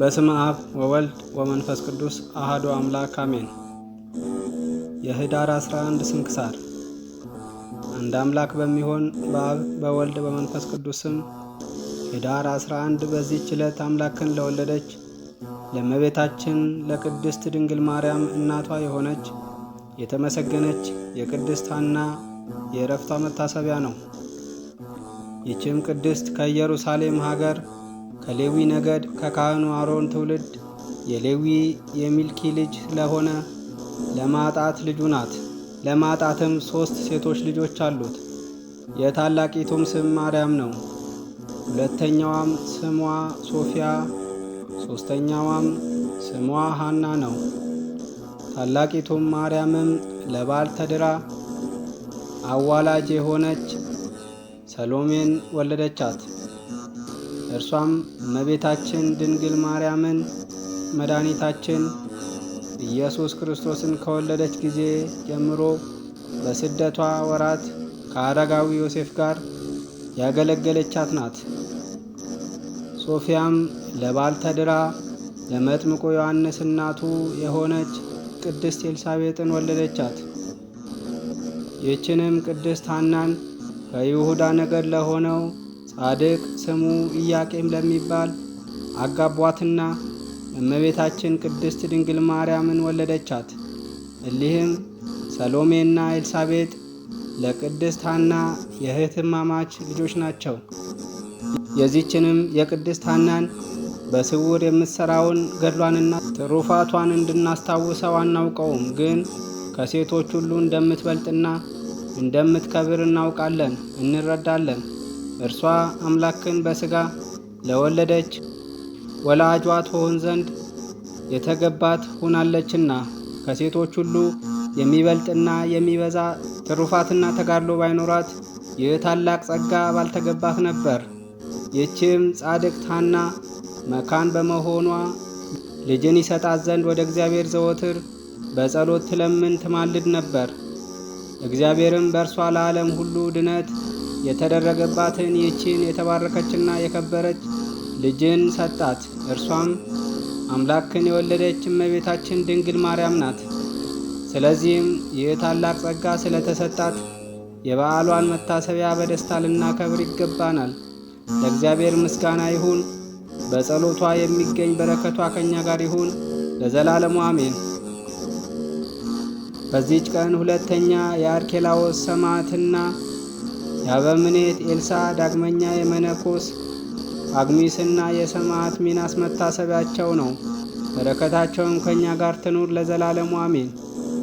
በስመ አብ ወወልድ ወመንፈስ ቅዱስ አሐዱ አምላክ አሜን። የኅዳር 11 ስንክሳር። አንድ አምላክ በሚሆን በአብ በወልድ በመንፈስ ቅዱስም ስም ኅዳር 11 በዚህች ዕለት አምላክን ለወለደች ለእመቤታችን ለቅድስት ድንግል ማርያም እናቷ የሆነች የተመሰገነች የቅድስት ሐና የዕረፍቷ መታሰቢያ ነው። ይችም ቅድስት ከኢየሩሳሌም ሀገር ከሌዊ ነገድ ከካህኑ አሮን ትውልድ የሌዊ የሚልኪ ልጅ ለሆነ ለማጣት ልጁ ናት። ለማጣትም ሦስት ሴቶች ልጆች አሉት። የታላቂቱም ስም ማርያም ነው። ሁለተኛዋም ስሟ ሶፊያ፣ ሦስተኛዋም ስሟ ሃና ነው። ታላቂቱም ማርያምም ለባል ተድራ አዋላጅ የሆነች ሰሎሜን ወለደቻት። እርሷም እመቤታችን ድንግል ማርያምን መድኃኒታችን ኢየሱስ ክርስቶስን ከወለደች ጊዜ ጀምሮ በስደቷ ወራት ከአረጋዊ ዮሴፍ ጋር ያገለገለቻት ናት። ሶፊያም ለባል ተድራ ለመጥምቆ ዮሐንስ እናቱ የሆነች ቅድስት ኤልሳቤጥን ወለደቻት። ይህችንም ቅድስት ሐናን ከይሁዳ ነገድ ለሆነው ጻድቅ ስሙ ኢያቄም ለሚባል አጋቧትና እመቤታችን ቅድስት ድንግል ማርያምን ወለደቻት። እሊህም ሰሎሜና ኤልሳቤጥ ለቅድስት ሐና የእህትማማች ልጆች ናቸው። የዚችንም የቅድስት ሐናን በስውር የምትሠራውን ገድሏንና ትሩፋቷን እንድናስታውሰው አናውቀውም፣ ግን ከሴቶች ሁሉ እንደምትበልጥና እንደምትከብር እናውቃለን፣ እንረዳለን። እርሷ አምላክን በሥጋ ለወለደች ወላጇ ትሆን ዘንድ የተገባት ሆናለችና ከሴቶች ሁሉ የሚበልጥና የሚበዛ ትሩፋትና ተጋድሎ ባይኖራት ይህ ታላቅ ጸጋ ባልተገባት ነበር። ይህችም ጻድቅ ታና መካን በመሆኗ ልጅን ይሰጣት ዘንድ ወደ እግዚአብሔር ዘወትር በጸሎት ትለምን ትማልድ ነበር። እግዚአብሔርም በእርሷ ለዓለም ሁሉ ድነት የተደረገባትን ይህችን የተባረከችና የከበረች ልጅን ሰጣት። እርሷም አምላክን የወለደች እመቤታችን ድንግል ማርያም ናት። ስለዚህም ይህ ታላቅ ጸጋ ስለተሰጣት የበዓሏን መታሰቢያ በደስታ ልናከብር ይገባናል። ለእግዚአብሔር ምስጋና ይሁን። በጸሎቷ የሚገኝ በረከቷ ከኛ ጋር ይሁን ለዘላለሙ አሜን። በዚች ቀን ሁለተኛ የአርኬላዎስ ሰማዕትና የአበምኔት ኤልሳ ዳግመኛ የመነኮስ አግሚስና የሰማዕት ሚናስ መታሰቢያቸው ነው። በረከታቸውም ከእኛ ጋር ትኑር ለዘላለሙ አሜን።